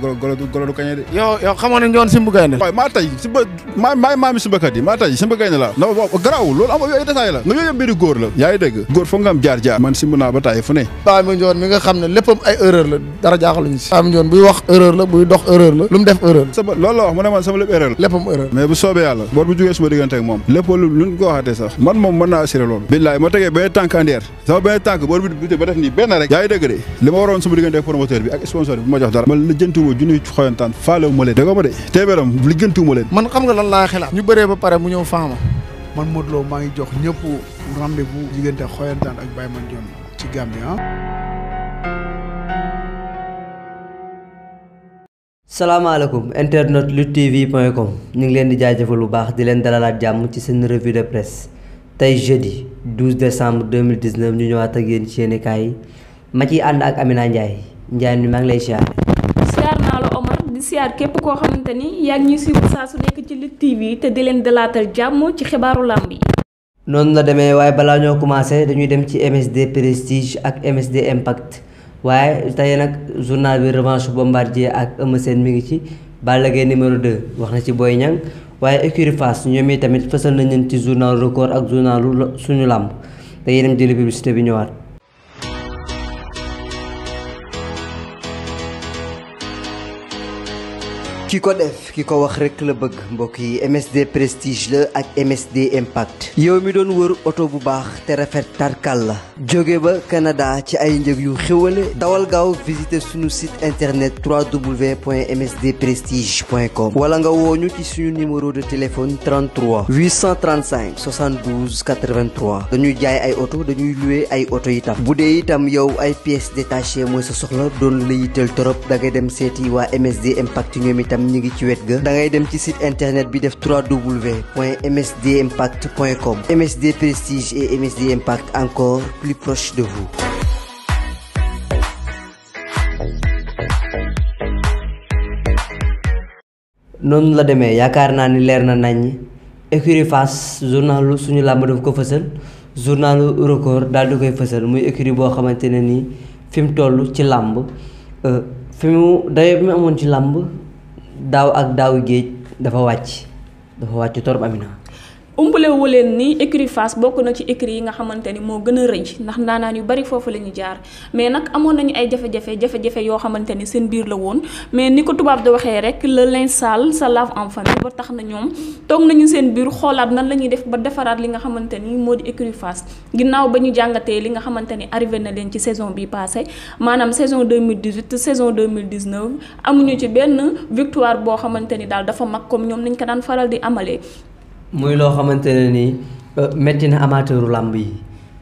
de golo golo golo du kañe de. yow yow xamoon nañu woon Simbu Gaynde. waaw maa tay Simba maa maa maami Simbakat yi maa tay Simba Gaynde la na garaaw loolu am ay détail la nga yooyu yëpp mbiri góor la am jaar jaar nga xam ne léppam ay erreur la dara jaaxaluñu si Baye Mandione buy wax erreur la buy dox erreur la lu mu def erreur loolu la mu ne sax man moom mën naa assuré loolu billaay ma tegee benn tànk andeer sama benn tànk bor bi ba def nii benn rek yaa ngi de li ma waroon suma diggante ak bi ak sponsor bi ma jox dara woo junniy xoyantaan faalewu ma leen dégg ma de man xam nga lan laa xalaat ñu bëree ba pare mu ñëw faama man Modou maa ngi jox ñëpp rendez-vous diggante xoyantaan ci Gambie ah. salaamaaleykum internet Lutte TV point com ñu ngi leen di jaajëfal bu baax di leen dalalaat jàmm ci seen revue de presse tey jeudi 12 décembre 2019 ñu ñëwaat ak yéen ci yéenekaay yi ma ciy ànd ak Amina Ndiaye Ndiaye mi maa ngi lay siyaar képp koo xamante ni yaa ngi ñuy suivre saa su nekk ci Lutte TV te di leen dalaatal jàmm ci xibaaru làmb yi. noonu la demee waaye balaa ñoo commencé dañuy dem ci MSD Prestige ak MSD Impact waaye tey nag journal bi revanche Bombardier ak Eumeu Sène mi ngi ci Balla Gaye numéro 2 wax na ci Boy Niang waaye écurie Fass ñoom i tamit fësal nañ leen ci journal record ak journalu suñu làmb dañuy dem jëli publicité bi ñëwaat. ki ko def ki ko wax rek la bëgg mbokk yi MSD prestige la ak MSD impact. yow mi doon wër oto bu baax te rafet tarkal la jóge ba Canada ci ay njëg yu xéwale dawal gaaw visiter suñu site internet www.msdprestige.com wala nga woo ñu ci suñu numéro de téléphone 33 835 72 83 dañuy jaay ay oto dañuy louer ay oto itam bu dee itam yow ay pièces détachées mooy sa soxla doon la yitteel trop da ngay dem seeti waa MSD impact ñoom itam itam ñi ngi ci wet ga da dem ci site internet bi def 3w point msdimpact point com MSD Prestige et MSD Impact encore plus proche de vous noonu la demee yaakaar naa ni leer na nañ écurie Fass journalu suñu làmb daf ko fësal journalu record daal di koy fësal muy écurie boo xamante ne nii fi toll ci làmb euh, fi mu dayo amoon ci làmb daaw ak daaw géej dafa wàcc dafa wàcc torop Amina umbale wu leen ni écurie Fass bokk na ci écurie yi nga xamante ni moo gën a rëy ndax ndaanaan yu bari foofu la ñu jaar mais nag amoon nañu ay jafe-jafe yoo xamante ni seen biir la woon mais ni ko tubaab di waxee rek le linge sale se lave en famille ba tax na ñoom toog nañu seen biir xoolaat nan la ñuy def ba defaraat li nga xamante ni moo di écurie Fass ginnaaw ba ñu jàngatee li nga xamante ni arrivé na leen ci saison bi passé maanaam saison dix 2018 saison 2019 amuñu ci benn victoire boo xamante ni daal dafa mag comme ñoom nañ ko daan faral di amalee muy loo xamante ne nii métti na amateuru làmb yi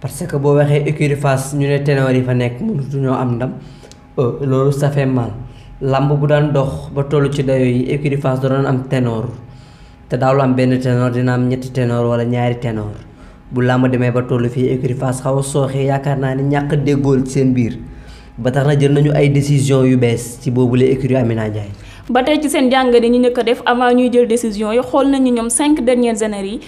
parce que boo waxee écurie ñu ne ténor yi fa nekk mënatuñoo am ndam euh, loolu ça fait làmb bu daan dox ba toll ci dayo yi écurie Fass da doon am ténor te daawul am benn ténor dina am ñetti ténor wala ñaari ténor bu làmb demee ba toll fii écurie xaw a sooxee yaakaar naa ne ñàkk déggool seen biir ba tax na jël nañu ay décision yu bees ci boobule écurie Amina Ndiaye ba tey ci seen jàngat yi ñu njëkk def avant ñuy jël décision yi xool nañu ñoom cinq dernières années yi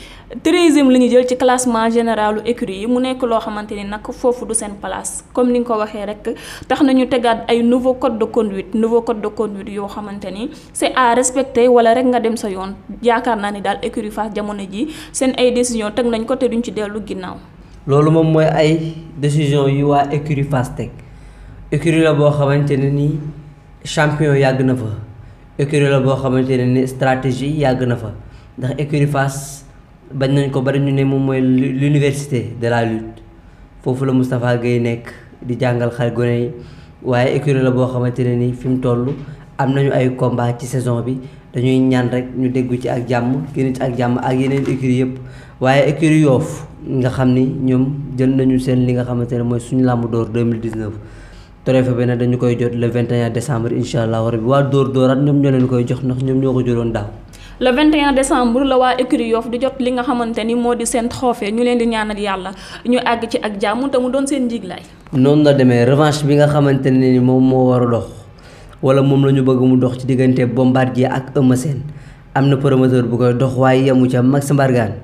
treizième la ñu jël ci classement généralu écurie yi mu nekk loo xamante ni nag foofu du seen place comme ni nga ko waxee rek tax nañu tegaat ay nouveau code de conduite nouveau code de yoo xamante ni c'est à respecter wala rek nga dem sa yoon yaakaar naa ni daal écurie Fass jamono ji seen ay décision teg nañ ko te duñ ci dellu ginnaaw. loolu moom mooy ay décision yu waa écurie Fass teg écurie la boo xamante ne nii champion yàgg na fa. écurie la boo xamante ne ni stratégie yàgg na fa ndax écurie fas bañ nañ ko bari ñu ne moom mooy l'université de la foofu la Moustapha Guèye nekk di jàngal xale gone yi waaye écurie la boo xamante ne ni fi mu toll am nañu ay combat ci saison bi dañuy ñaan rek ñu déggu ci ak jàmm génn ci ak jàmm ak yeneen écurie yëpp waaye écurie Yoff nga xam ni ñoom jël nañu seen li nga xamante ne mooy suñu làmb door mille 2019 trophée bi nag dañu koy jot le 21 décembre incha allah war waa Dóor Dóoraat ñoom ñoo leen koy jox ndax ñoom ñoo ko jëloon daaw. le 21 décembre la waa écurie Yoff di jot li nga xamante ni moo di seen trophée ñu leen di ñaanal yàlla ñu àgg ci ak jàmm te mu doon seen njiglaay. noonu la demee revanche bi nga xamante ne ni moom moo war a dox wala moom la ñu bëgg mu dox ci diggante Bombardier ak Eumeu Sène am na promoteur bu koy dox waaye yemu ca Max Mbargane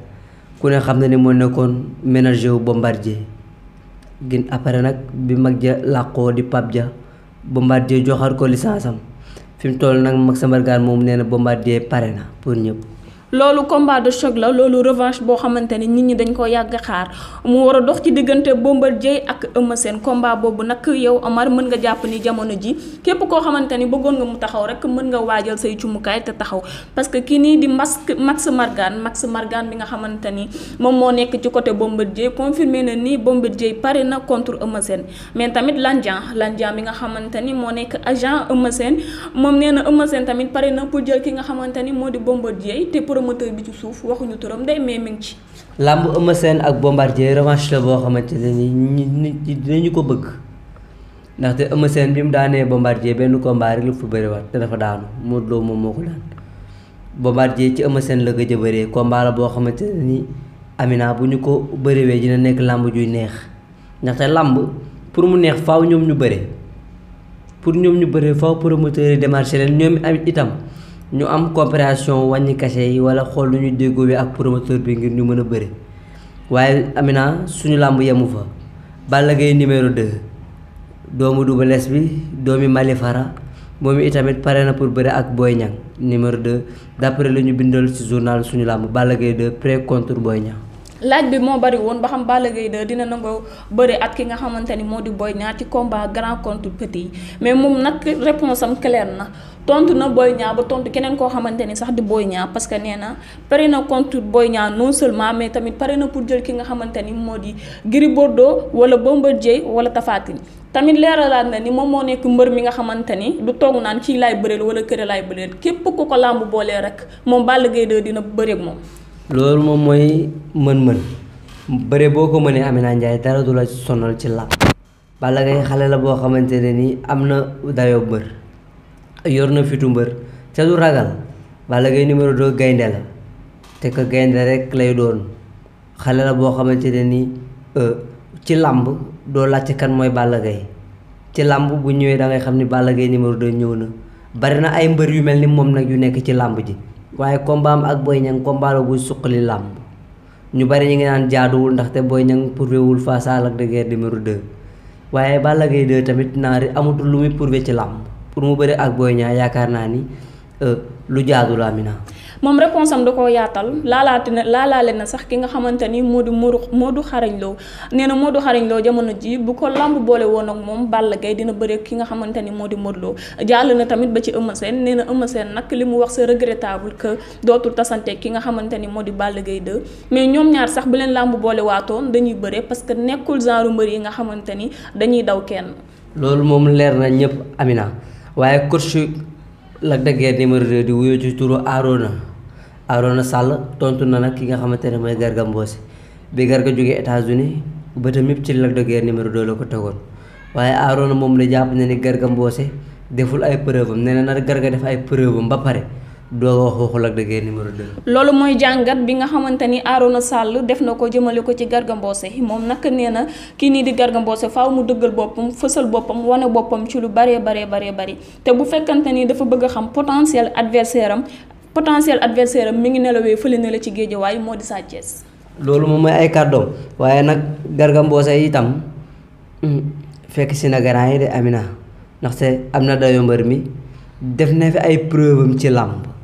ku ne xam na ne moo nekkoon ménager wu Bombardier. gin après nag bi mag ja làqoo di pap ja Bombardier joxar ko licence am fi mu toll nag Max Mbargane moom nee na Bombardier pare na pour ñépp loolu combat de choc la loolu revanche boo xamante ne nit ñi dañ koo yàgg xaar mu war a dox ci diggante Bombardier ak Eumeu seen combat boobu nag yow Amar mën nga jàpp ni jamono ji képp koo xamante ni bëggoon nga mu taxaw rek mën nga waajal say cumukaay te taxaw parce que kii nii di Max Max Margan Max Margan bi nga xamante ni moom moo nekk ci côté Bombardier confirmé na ni Bombardier pare na contre Eumeu Sène mais tamit Landian Landian bi nga xamante ni moo nekk agent Eumeu Sène moom nee na Eumeu Sène tamit pare na pour jël ki nga xamante ni moo di Bombardier te pour promoteur bi ci suuf waxuñu turam day mais mi ngi ci. làmb Eumeu ak Bombardier revanche la boo xamante ne nii dinañu ko bëgg ndaxte Eumeu bi mu daanee Bombardier benn combat rek la fa bëriwaat te dafa daanu Modou Lo moom ci Eumeu la gëj a bëree combat boo xamante ne nii Amina bu ñu ko bëriwee dina nekk làmb juy neex ndaxte làmb pour mu neex faw ñoom ñu bëre pour ñoom ñu bëre faaw pour yi démarché leen ñoom itam. ñu am compréhension wàññi cachet yi wala xool lu ñu déggoo ak promoteur bi ngir ñu mën a bëri waaye Amina suñu làmb yemu fa Balla Gaye numéro de doomu Double Less bi doomi Malifara moom itamit pare na pour bëri ak Boy Niang numéro 2 d'après lu ñu bindal ci journal suñu làmb Balla Gaye 2 pré contre Boy Niang laaj bi moo bari woon ba xam Balla Gaye 2 dina nangoo bëri at ki nga xamante ni moo di booy Niang ci combat grand contre petit mais moom nag réponse am clair na tontu na booy Niang ba tontu keneen koo xamante ni sax di booy ñaar parce que nee na pare na contre Boy Niang non seulement mais tamit pare na pour jël ki nga xamante ni moo di Gris Bordeaux wala Bombardier wala Tapha Tine tamit leeralaat na ni moom moo nekk mbër mi nga xamante ni du toog naan kii laay bëreel wala këre laay bëreel képp ku ko làmb boolee rek moom Balla Gaye 2 dina bëreeg moom. loolu moom mooy mën-mën bëre boo ko mënee Amina Ndiaye dara du la sonal ci làpp Balla Gaye xale la boo xamante ne nii am na dayo mbër yor na fitu mbër te du ragal Balla Gaye numéro 2 gaynde la te ko gaynde rek lay doon xale la boo xamante ne nii e, ci làmb doo laajte kan mooy Balla Gaye ci làmb bu ñëwee da ngay xam ni Balla Gaye numéro 2 ñëw na bari na ay mbër yu mel ni moom nag yu nekk ci làmb ji waaye kombaam ak booy ñan combat la buy suqali làmb ñu bari ñu ngi naan jaaduwul ndaxte booy Niang pourvéwul face à Lac de Guiers numéro 2 waaye Balla Gaye tamit naar naari amatul lu muy pourvé ci làmb pour mu bëri ak Boy ñaa yaakaar naa ni euh, lu jaadu la moom réponse am da koo yaatal laalaat na laalaale na sax ki nga xamante ni Modou Modou Xarañ Lo nee na Modou Xarañ Lo jamono ji bu ko lamb boole woon ak moom Balla Gaye dina bëre ki nga xamante ni moo di Modou Lo jàll na tamit ba ci Eumeu Sène nee na Eumeu Sène nag li mu wax c'est regrettable que dootul tasante ki nga xamante ni moo di Balla Gaye 2 mais ñoom ñaar sax bu leen lamb boole waatoon dañuy bëre parce que nekkul genre mbër yi nga xamante ni dañuy daw kenn. loolu moom leer na ñëpp Amina waaye coach Lac de numéro 2 di wuyoo ci turu Arona Arona Sall tontu na nag ki nga xamante ne mooy Garga Mbossé bi Garga jógee États-Unis ba tamit ci Lac de numéro 2 la ko tegoon waaye Arona moom la jàpp ne ni Garga Mbossé deful ay preuve am na nag Garga def ay preuve am ba pare. doo wax waxul ak dëgg numéro 2. loolu mooy jàngat bi nga xamante ni Arona Sall def na ko jëmale ko ci Garga Mbossé moom nag nee na kii nii di Garga Mbossé mu dëggal boppam fësal boppam wane boppam ci lu baree baree baree bari te bu fekkante ni dafa bëgg a xam potentiel adversaire am potentiel adversaire am mi ngi nelawee fële na la ci géejawaay moo di Sa loolu moom mooy ay kàddoom waaye nag gargamboose itam hmm, fekk si na yi de Amina ndaxte am na dayo mbër mi def na fi ay preuve am ci làmb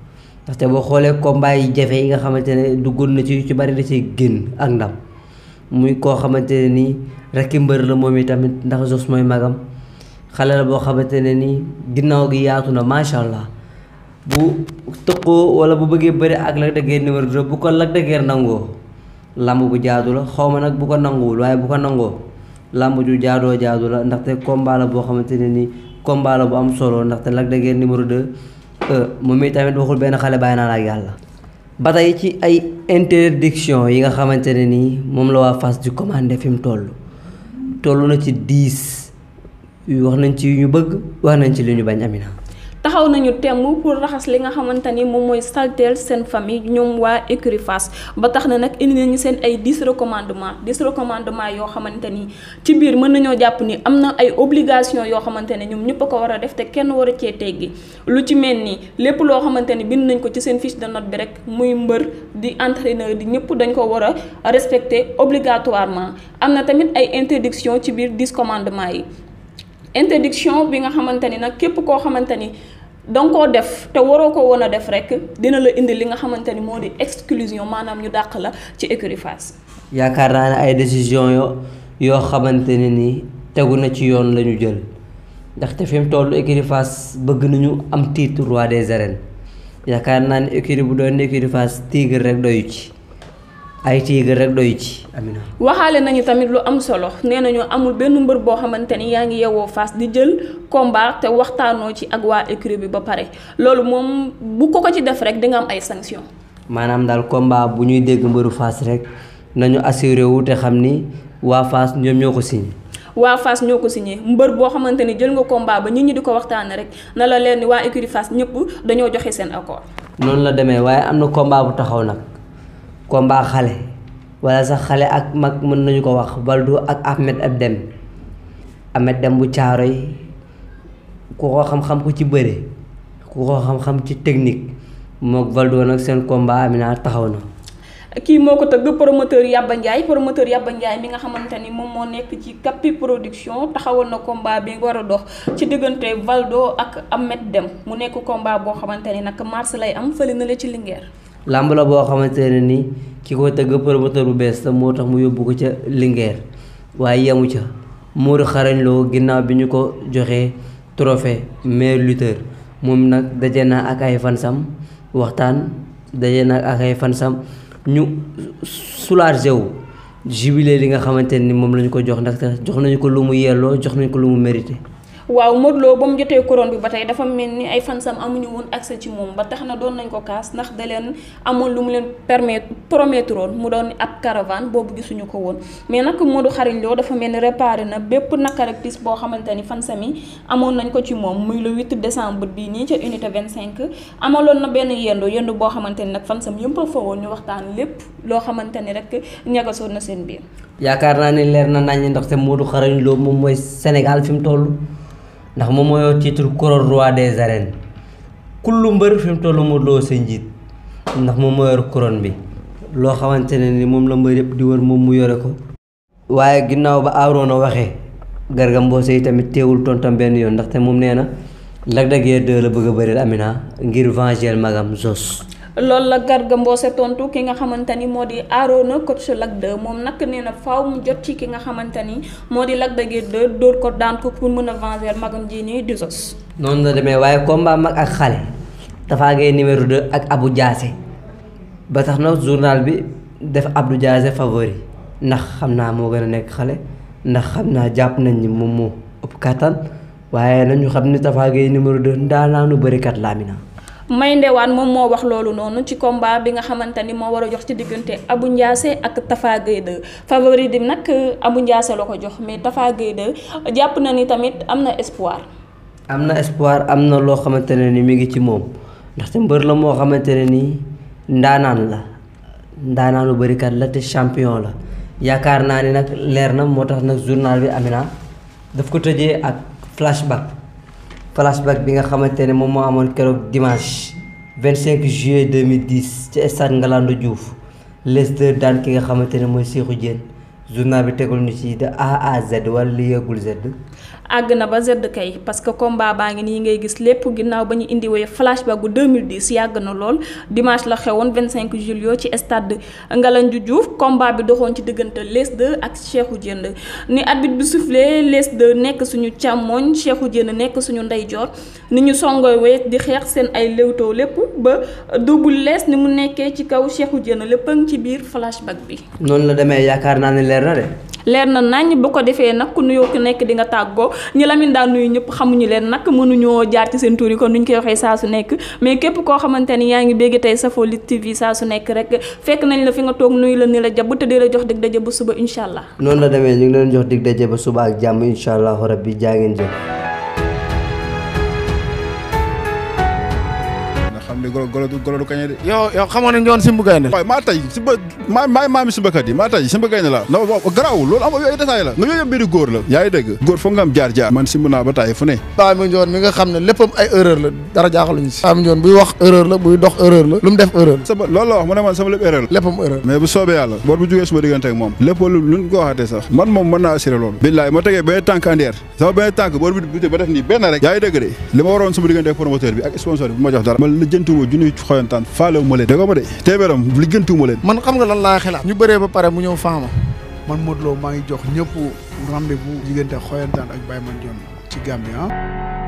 ndaxte boo xoolee combat yi jafe yi nga xamante ne duggoon na ci ci bari da ci génn ak ndam muy koo xamante ne nii rekki mbër la moom i tamit ndax Zoss mooy magam xale la boo xamante ne nii ginnaaw gi yaatu na macha allah bu tëqoo wala bu bëggee bëri ak Lac de Guiers bu ko Lac de nangoo làmb bu jaadu la xaw ma nag bu ko nanguwul waaye bu ko nangoo làmb ju jaadoo jaadu la ndaxte combat boo xamante ne nii combat bu am solo ndaxte Lac de numéro 2 Euh, moom itamit waxul benn xale bàyyi naa la ak yàlla. ba ci ay interdiction yi nga xamante ne nii moom la waa Fass di commandé fi mu toll toll na ci dix wax nañ ci yu ñu bëgg wax nañ ci li ñu bañ Amina. taxaw nañu temm pour raxas li nga xamante ni moom mooy salteel seen famille ñoom waa écurie ba tax na nag indi nañu seen ay dix recommandement dix yoo xamante ni ci biir mën nañoo jàpp ni am na ay obligation yoo xamante ne ñoom ñëpp a ko war a def te kenn war a cee teggi lu ci mel nii lépp loo xamante ni bind nañ ko ci seen fiche de note bi rek muy mbër di entraîneur di ñëpp dañ ko war a respecter obligatoirement am na tamit ay interdiction ci biir dix yi interdiction bi nga xamante ni nag képp koo xamante ni danga koo def te waroo ko woon a def rek dina la indi li nga xamante ni moo di exclusion maanaam ñu dàq la ci écurie Fass yaakaar naa ne ay décision yo yoo xamante ne ni tegu na ci yoon la ñu jël ndaxte fi mu toll écurie bëgg nañu am titre roi des arènes yaakaar naa ne écurie bu doon écurie Fass tigre rek doyu ci ay tiigër rek doy ci Amina. waxaale nañu tamit lu am solo nee nañu amul benn mbër boo xamante ni yaa ngi yewoo fas di jël combat te waxtaanoo ci ak waa écurie bi ba pare loolu moom bu ko ko ci def rek di nga am ay sanctions. maanaam daal combat bu ñuy dégg mbëru fas rek nañu assuré wu te xam ni waa Fass ñoom ñoo ko signé. waa Fass ñoo ko signé mbër boo xamante ni jël nga combat ba nit ñi di ko waxtaanee rek na la leer waa écurie fas ñëpp dañoo joxe seen accord. noonu la demee waaye am na combat bu taxaw nag. combat xale wala sax xale ak mag mën nañu ko wax Baldu ak Ahmed ak dem Ahmed dem bu caaro yi ku ko xam-xam ko ci bëre ku ko xam-xam ci technique mook Baldu nag seen combat Amina taxaw na kii moo ko tëgg promoteur Yaba Ndiaye promoteur Yaba Ndiaye mi nga xamante ni moom moo nekk ci Kapi production taxawal na combat bi war a dox ci diggante Valdo ak Ahmed Dem mu nekk combat boo xamante ni nag mars lay am fële ci Linguère. làmb la boo xamante ne ni ki ko tëgg promoteur bu bees la moo tax mu yóbbu ko ca Linguère waaye yemu ca Modou Xarañ ginnaaw bi ñu ko joxee trophée meilleur lutteur moom nag daje na ak ay fansam waxtaan daje na ak ay fansam ñu soulagé wu jubilé li nga xamante ni moom la ko jox ndax jox nañu ko lu mu yelloo jox nañu ko lu mu mérité. waaw Modou Lo ba mu jotee couronne bi ba tey dafa mel ni ay fansam amuñu woon accès ci moom ba tax na doon nañ ko kaas ndax da leen amoon lu mu leen permettre promettre mu doon ni ab caravane boobu gisuñu ko woon mais nag Modou Xarañ Lo dafa mel ni réparé na bépp naka rek boo xamante ni fansam yi amoon nañ ko ci moom muy le 8 décembre bii nii ca unité 25 amaloon na benn yendu yendu boo xamante ni nag fansam yëpp a fa waxtaan lépp loo xamante ni rek ñagasoon na seen biir. yaakaar naa ne leer na nañ ndaxte Modou Xarañ Lo moom mooy Sénégal fi mu toll. ndax moom mooy titre couronne roi des arènes kullu mbër fi mu toll Modou Lo sa njiit ndax moom moo yor bi loo xamante ne ni moom la mbër yëpp di wër moom mu yore ko. waaye ginnaaw ba aaroon a waxee Garga Mbossé tamit teewul tontam benn yoon ndaxte moom nee na Lac de Guiers la bëgg a bëreel Amina ngir venger magam Zos. loolu la Garga Mbossé tontu ki nga xamante ni moo di Arona coach Lac 2 moom nag nee na faw mu jot ci ki nga xamante ni moo di Lac de Guiers dóor ko daan ko pour mën a venger magam ji nii di sos. noonu la demee waaye combat mag ak xale dafa Gueye numéro 2 ak abu Diassé ba tax na journal bi def Abou Diassé favori ndax xam naa moo gën a nekk xale ndax xam naa jàpp nañ ni mu moo ëpp kattan waaye nañu xam ni Tapha Gueye numéro 2 ndaanaanu bërikat laamina may ndewaan moom moo wax loolu noonu ci combat bi nga xamante ni moo war a jox ci diggante Abou Ndiassé ak Tafa Gueye 2 di nag abu Ndiassé la ko jox mais Tafa Gueye jàpp na ni tamit am na espoir. am na espoir am na loo xamante ne ni mu ngi ci moom ndaxte mbër la moo xamante ne ni ndaanaan la ndaanaanu bërikat la te champion la yaakaar naa ni nag leer na moo tax nag journal bi Amina daf ko tëjee ak flashback. flashback bi nga xamante ne moom moo amoon keroog dimanche 25 juillet 2010 ci stade Ngalandou Diouf les deux daan ki nga xamante ne mooy Cheikhou Diène journal bi tegul ñu ci de A à Z wala li yëgul Z. àgg na ba zedd kay parce que combat baa ngi nii ngay gis lépp ginnaaw ba ñu indiwee flashback bu 2010 yàgg na lool dimanche la xewoon 25 juillet ci stade ju Diouf combat bi doxoon ci diggante Lac 2 ak Cheikhou Diène ni arbitre bi soufflé Lac 2 nekk suñu càmmoñ Cheikhou Diène nekk suñu ndeyjoor ni ñu songoowee di xeex seen ay léwtoo lépp ba Double Less ni mu nekkee ci kaw Cheikhou Diène lépp a ngi ci biir flashback bi. noonu la demee yaakaar naa ne leer na de. leer na nañ bu ko defee nag ku nuyoo nekk di nga tàggoo ñi Lamine daan nuyu ñëpp xamuñu leen nag mënuñoo jaar ci seen tur yi kon nu ñu koy waxee saa su nekk mais képp koo xamante ni yaa ngi bégg tey safoo Lutte TV saa su nekk rek fekk nañ la fi nga toog nuyu la ni la jàpp te di la jox dig daje ba suba incha allah. noonu la demee ñu ngi leen jox dig daje ba suba ak jàmm incha allah bi jaa ngeen jëf de golo golo golo du kañe de. yow yow xamoon nañu simb gaynde. waaw maa tay si maa tay simba gaynde laa. non waaw garaaw loolu am ay détails la. nga yooyu yëpp mbiri góor la. yaa ngi góor foog nga jaar jaar. man simb naa ba tay fu ne. Baye Mandione mi nga xam ne léppam ay erreur la dara jaaxaluñu si. buy wax erreur la buy dox erreur la. lu mu def erreur loolu la mu ne man sax man moom mën naa assuré loolu. billaay ma tegee benn tànk andeer sama benn tànk ba lijjantiwuma junni xoyantaan faalewuma leen da nga ma de téeméeram lijjantiwuma leen man xam nga lan laa xelaat ñu bëree ba pare mu ñëw faama man Modou Lo maa ngi jox ñëpp rendez-vous diggante xoyantaan ak Baye Mandione ci Gambie ah